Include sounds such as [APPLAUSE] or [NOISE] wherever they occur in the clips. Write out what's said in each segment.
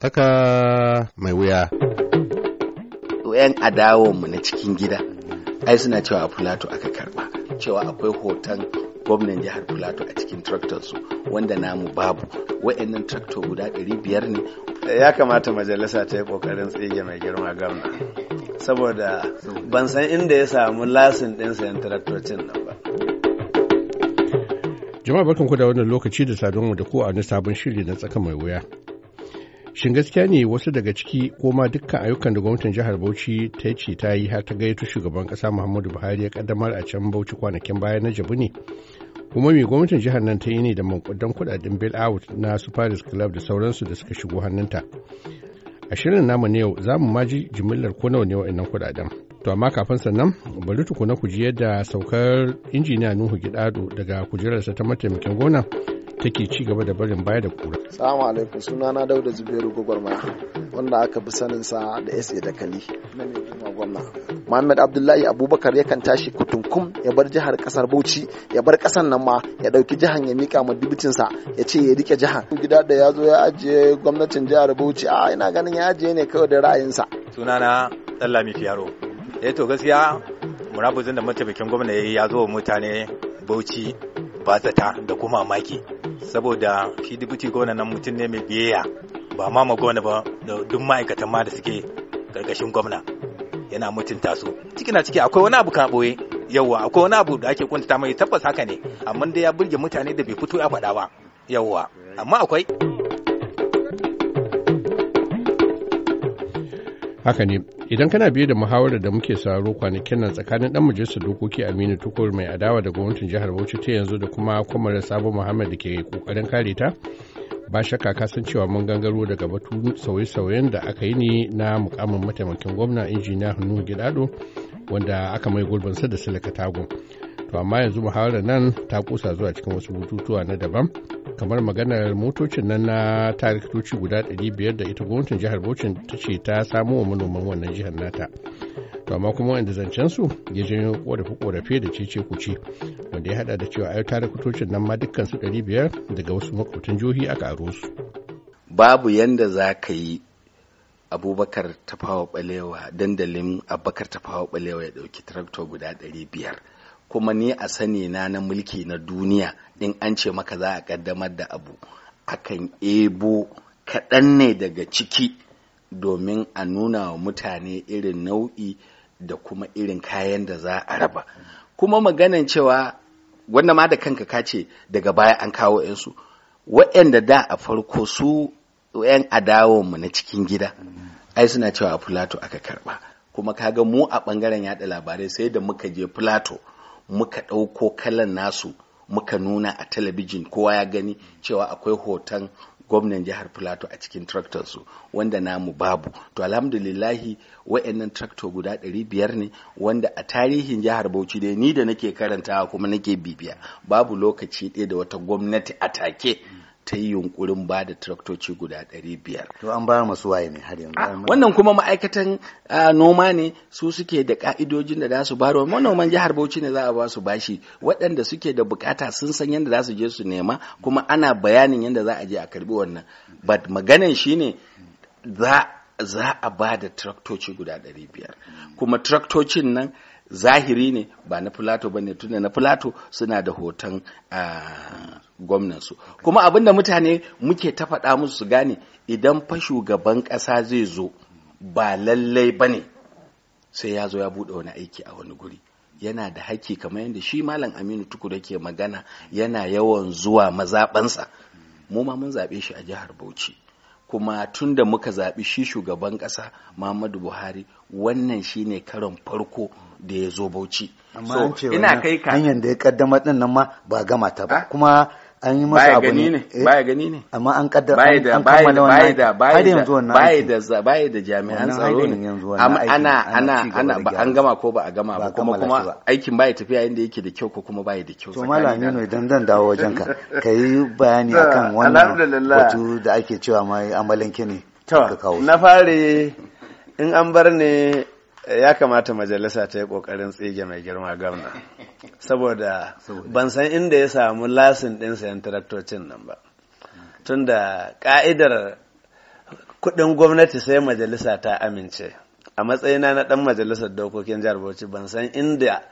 Tsaka mai wuya. ‘Yan adawonmu na cikin gida, ai suna cewa a Fulato aka karba, cewa akwai hoton gwamnan jihar Fulato a cikin su wanda namu babu, wa'annan traktor guda 500 ne. Ya kamata majalisa ta yi ƙoƙarin tsige mai girma gamna saboda ban san inda ya samu lasin ɗin sayan traktocin nan ba. Jama'a barkan ku da wannan lokaci da sadonmu da ku a wani sabon shiri na tsaka mai wuya. Shin gaskiya ne wasu daga ciki ko ma dukkan ayyukan da gwamnatin jihar Bauchi ta ce ta yi har ta gayyato shugaban kasa Muhammadu Buhari ya kaddamar a can Bauchi kwanakin baya na Jabu ne? Kuma mai gwamnatin jihar nan ta yi ne da mankudan kudaden bail out na su Paris Club da sauransu da suka shigo hannunta? A shirin namu na yau za mu maji jimillar ko nawa ne wa'annan kudaden. To amma kafin sannan bari tukuna ku ji yadda saukar injiniya Nuhu Gidado daga kujerarsa ta mataimakin gona take ci gaba da barin baya da kura. Salamu alaikum sunana Dauda Zubairu Gwagwarmaya wanda aka fi sanin sa da SA da Kali Muhammad Abdullahi Abubakar yakan tashi kutunkum ya bar jihar kasar Bauchi ya bar kasar nan ma ya dauki jihar ya mika ma dibitin sa ya ce ya rike jihar. Gida da ya zo ya ajiye gwamnatin jihar Bauchi a ina ganin ya ajiye ne kawai da ra'ayinsa. Sunana Dallami Fiyaro. Eh to gaskiya murabuzin da mataimakin gwamna ya zo wa mutane Bauchi ba zata da kuma maki saboda shi dubuti gona nan mutum ne mai biyayya ba ma ma gona ba da duk ma'aikatan ma da suke karkashin gwamna yana mutunta su ciki na ciki akwai wani abu ka boye yawwa akwai wani abu da ake kunta mai tabbas haka ne amma dai ya burge mutane da bai fito ya faɗa ba yawwa amma akwai haka ne idan kana biye da muhawarar da muke sauraro kwanakin nan tsakanin dan majalisar dokoki aminu tukur mai adawa da gwamnatin jihar bauchi ta yanzu da kuma kwamarar sabo muhammad da ke kokarin kare ta ba shakka ka san cewa mun gangaro daga batu sauye-sauyen da aka yi ne na mukamin mataimakin gwamna injiniya hannu gidado wanda aka mai gurbinsa da silika tago To amma yanzu muhawarar nan ta kusa zuwa cikin wasu bututuwa na daban kamar maganar motocin nan na tariktoci guda 500 da ita gwamnatin jihar bocin ta ce ta samo wa manoman wannan jihar nata. To amma kuma wanda zancen su ya janyo korafi korafi da cece kuce wanda ya hada da cewa ayo tarikutocin nan ma dukkan su 500 daga wasu makwabtan jihohi aka aro su. Babu yanda za ka yi abubakar tafawa balewa dandalin abubakar tafawa balewa ya dauki tarakta guda 500 kuma ni a sani na na mulki na duniya in an ce maka za a kaddamar da abu akan ebo kaɗan ne daga ciki domin a nuna wa mutane irin nau'i da kuma irin kayan da za a raba kuma maganan cewa wanda ma da kanka kace daga baya an kawo yansu waɗanda da a farko su 'yan mu na cikin gida ai suna cewa a filato aka karba kuma kaga mu a ɓangaren yada labarai sai da muka je filato muka ɗauko kalan nasu muka nuna a talabijin kowa ya gani cewa akwai hoton gwamnan jihar Filato a cikin su wanda namu babu to alhamdulillahi wa'annan tractor guda biyar ne wanda a tarihin jihar Bauchi dai ni da nake karantawa kuma nake bibiya babu lokaci ɗaya da wata gwamnati a take ta yi yunkurin ba da traktoci guda 500 to an ba masu waye ne har yanzu ah, wannan kuma ma'aikatan ah, noma ne su suke da ka'idojin da za su baro manoman jihar Bauchi ne za a ba su bashi waɗanda suke da bukata sun san yadda za su je su nema kuma ana bayanin yadda za a je a karbi wannan but maganan shi ne za a ba da traktoci guda biyar kuma traktocin nan zahiri ne ba na filato ba ne tunda na filato suna da hoton gwamnansu kuma abin da mutane muke ta faɗa musu su gane idan fa shugaban ƙasa zai zo ba lallai ba ne sai ya zo ya buɗe wani aiki a wani guri yana da haƙƙi kamar yadda shi malam aminu da ke magana yana yawan zuwa mazaɓansa mu ma mun zaɓe shi a jihar bauchi kuma tun da muka zaɓi shi shugaban ƙasa muhammadu buhari wannan shine karon farko da ya zo bauchi amma so, ina kai ka hanyar da ya kaddamar din nan ma ba gama ta ba kuma an yi masa abu ne eh, ya gani ne amma an kaddara an kammala wannan ba baya da baya da da jami'an tsaro ne ana ana ana an gama ko ba a gama ba kuma kuma aikin ba ya tafiya inda yake da kyau ko kuma ya da kyau to malam ne idan zan dawo wajen [LAUGHS] ka kai bayani akan wannan wato da ake cewa mai amalanke ne to na fare in an bar ne ya kamata majalisa ta yi kokarin tsige mai girma gwamna saboda ban san inda ya samu lasin ɗin sayan taraktocin nan ba tunda ka'idar kudin gwamnati sai majalisa ta amince a matsayina na ɗan majalisar dokokin jihar bauchi ban san inda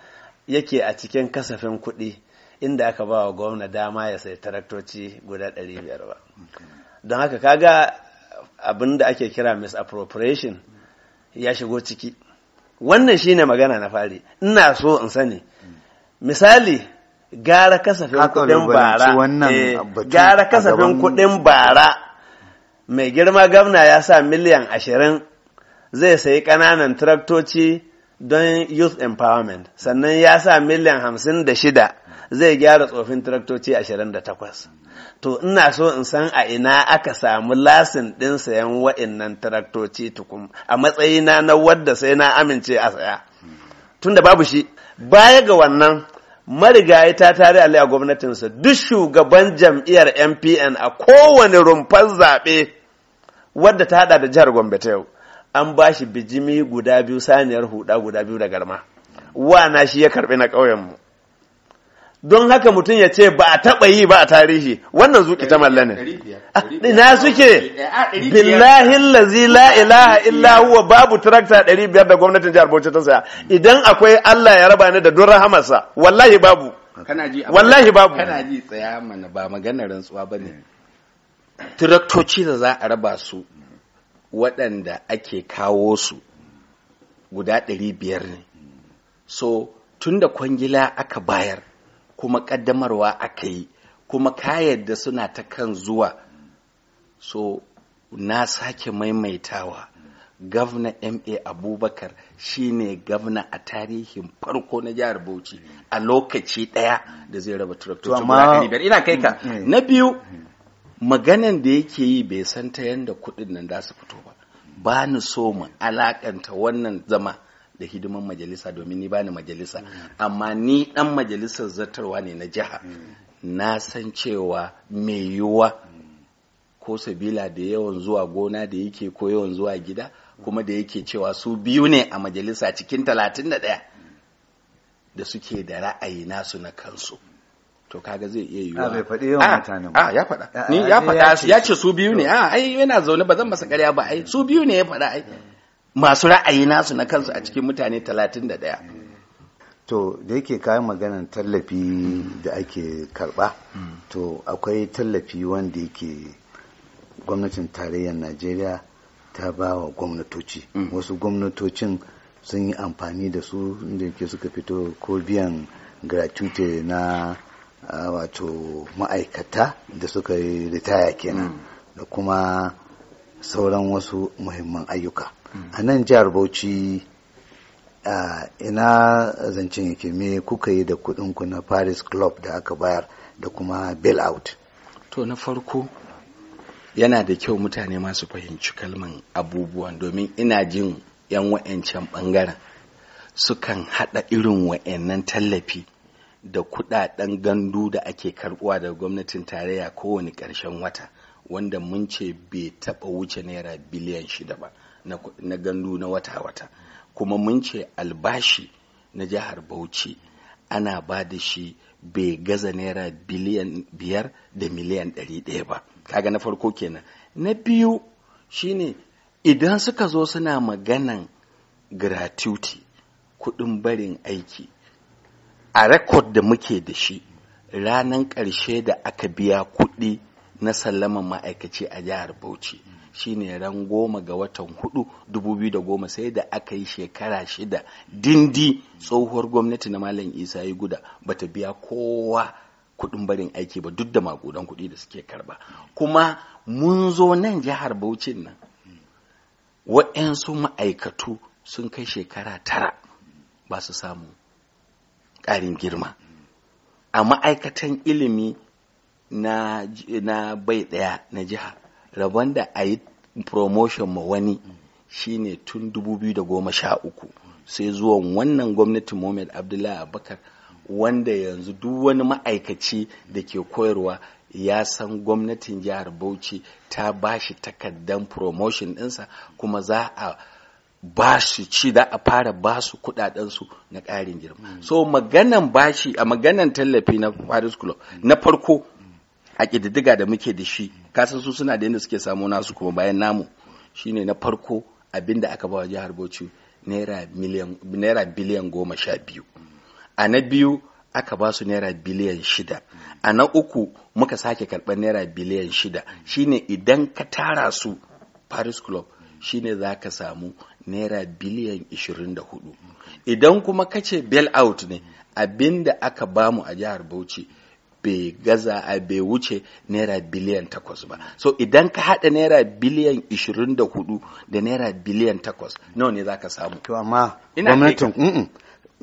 yake a cikin kasafin kuɗi inda aka ba wa gwamna dama ya sai taraktoci guda 500 ba don haka kaga abin da ake kira misappropriation ya shigo ciki wannan shine magana na fari ina so in sani misali gara kasafin kuɗin bara eh, gara kasafin kuɗin bara mai girma gwamna ya sa miliyan ashirin zai sayi ƙananan traktoci don youth empowerment sannan ya sa miliyan hamsin da shida zai gyara tsofin traktoci ashirin da takwas to ina so in san a ina aka samu lasin ɗin sayan wa'innan traktoci tukum a matsayina na wadda sai na amince a saya tunda babu shi baya ga wannan marigayi ta tare a a gwamnatinsa duk shugaban jam'iyyar mpn a kowane rumfar zaɓe wadda ta haɗa da jihar gombe ta yau an ba shi bijimi guda biyu saniyar huda guda biyu da garma wana shi ya karbi na ƙauyenmu don haka mutum ya ce ba a taɓa yi ba a tarihi wannan zuki ta malla ne ah, na suke ah, billahin lazi la ilaha illa huwa babu tarakta 500 da gwamnatin jihar bauchi ta saya idan akwai allah ya raba ni da don rahamarsa wallahi babu wallahi babu kana ji tsaya mana ba maganar rantsuwa ne tiraktoci da za a raba su waɗanda ake kawo su guda ɗari biyar ne so tun da kwangila aka bayar kuma ƙaddamarwa aka yi kuma kayan da suna ta kan zuwa so na sake maimaitawa gavna ma abubakar shine gavna a tarihin farko na jihar bauchi a lokaci ɗaya da zai raba turaktoci ina kai ka mm, mm. na biyu mm. maganan da yake yi bai san ta yadda kuɗin nan za su fito ba ba ni so mu alakanta wannan zama da hidiman majalisa domin ni bani majalisa amma ni dan majalisar zartarwa ne na jiha na san cewa mai yiwuwa ko sabila da yawan zuwa gona da yake ko yawan zuwa gida kuma da yake cewa su biyu ne a majalisa cikin talatin da ɗaya da suke da ra'ayi nasu na kansu to kaga zai iya ah, yiwuwa bai faɗi yawan ah, mutane ba. Ah, ya faɗa ni ya faɗa ya ce su biyu ne a ai yana zaune ba zan masa ƙarya ba ai su biyu ne ya faɗa ai masu ra'ayi nasu na kansu a cikin mutane talatin 31 to da yake kayan maganan tallafi da ake karɓa. Hmm. to akwai tallafi wanda yake gwamnatin tarayyar najeriya ta ba wa gwamnatoci hmm. wasu gwamnatocin sun yi amfani da su inda ke suka fito ko biyan gratuity na wato ma'aikata da suka yi ritaya kenan mm. da kuma sauran wasu muhimman ayyuka mm. a nan jihar bauchi ina zancen yake me kuka yi da ku na paris club da aka bayar da kuma bail out to na farko yana da kyau mutane masu fahimci kalman abubuwan domin ina jin 'yan wa'ancan bangaren sukan hada irin wa'annan tallafi da kudaden gandu da ake karbuwa da gwamnatin tarayya kowane karshen wata wanda mun ce bai taba wuce naira biliyan shida ba na gandu na wata-wata kuma mun ce albashi na jihar bauchi ana ba da shi bai gaza naira biliyan biyar da miliyan ɗari ɗaya ba kaga na farko kenan na biyu shine idan suka zo suna maganan gratuity kudin barin aiki a rekod da muke da shi ranan ƙarshe da aka biya kuɗi na sallaman ma'aikaci a jihar bauchi shine ran goma ga watan hudu dubu biyu da goma sai da aka yi shekara shida dindi tsohuwar gwamnati na malam isa yi guda bata biya kowa kuɗin barin aiki ba duk da makudan kuɗi da suke karba kuma mun zo nan jihar Bauchin nan wa'yansu ma'aikatu sun kai shekara tara ba su samu ƙarin girma a ma'aikatan ilimi na, bai ɗaya na jiha rabon da a yi promotion ma wani shine tun 2013 sai zuwan wannan gwamnati mohamed abdullahi abubakar wanda yanzu duk wani ma'aikaci da ke koyarwa ya san gwamnatin jihar bauchi ta bashi takaddan promotion ɗinsa kuma za a bashi ci da a fara basu kudadensu na ƙarin girma so maganan bashi a maganan tallafi na faris Club na farko a ƙididdiga da muke da shi kasan su suna da yadda suke samu nasu kuma bayan namu shine na farko abinda aka bawa jihar Bauchi naira biliyan goma sha biyu a na biyu aka ba su naira biliyan shida a na uku muka sake karɓar naira biliyan shida shine idan ka tara su faris Club shine za ka samu naira biliyan 24 idan kuma kace bail out ne abinda aka bamu a jihar bauchi bai gaza a bai wuce naira biliyan takwas ba so idan ka haɗa naira biliyan ishirin da naira biliyan takwas nawa ne za ka samu to amma gwamnatin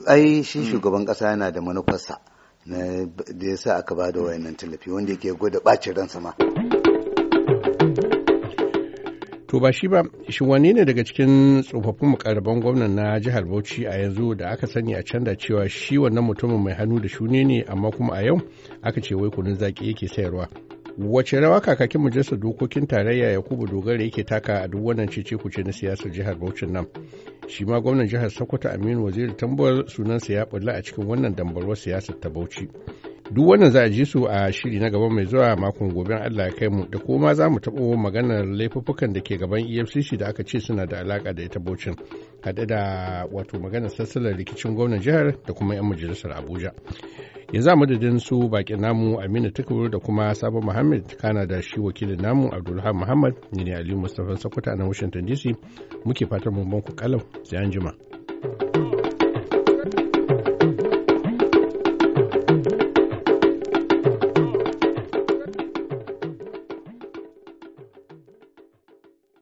ai shi mm. shugaban kasa yana da manufarsa da ya sa aka ba da wayannan tallafi wanda yake gwada bacin ransa ma To ba shi ba, shi wani ne daga cikin tsofaffin mukarraban gwamnan na jihar Bauchi a yanzu da aka sani a canda cewa shi wannan mutumin mai hannu da shune ne amma kuma a yau aka ce wai kunun zaki yake sayarwa. Wace rawa kakakin majalisar dokokin tarayya Yakubu Dogara yake taka a duk wannan cece kuce na siyasar jihar Bauchi nan. Shi ma gwamnan jihar Sokoto Aminu Waziri Tambuwal sunansa ya bulla a cikin wannan dambarwar siyasar ta Bauchi. duk wannan za a ji su a shiri na gaba mai zuwa makon gobe Allah ya kai mu da kuma za mu taɓo maganar laifuffukan da ke gaban EFCC da aka ce suna da alaka da ita bocin haɗe da wato maganar sassalar rikicin gwamnan jihar da kuma 'yan majalisar Abuja. Ya za madadin su bakin namu Aminu Tukuru da kuma Sabo Muhammad kana da shi wakilin namu Abdulhamid Muhammad ni ne Aliyu Mustapha Sokoto na Washington DC muke fatan mun ban ku kalau sai an jima.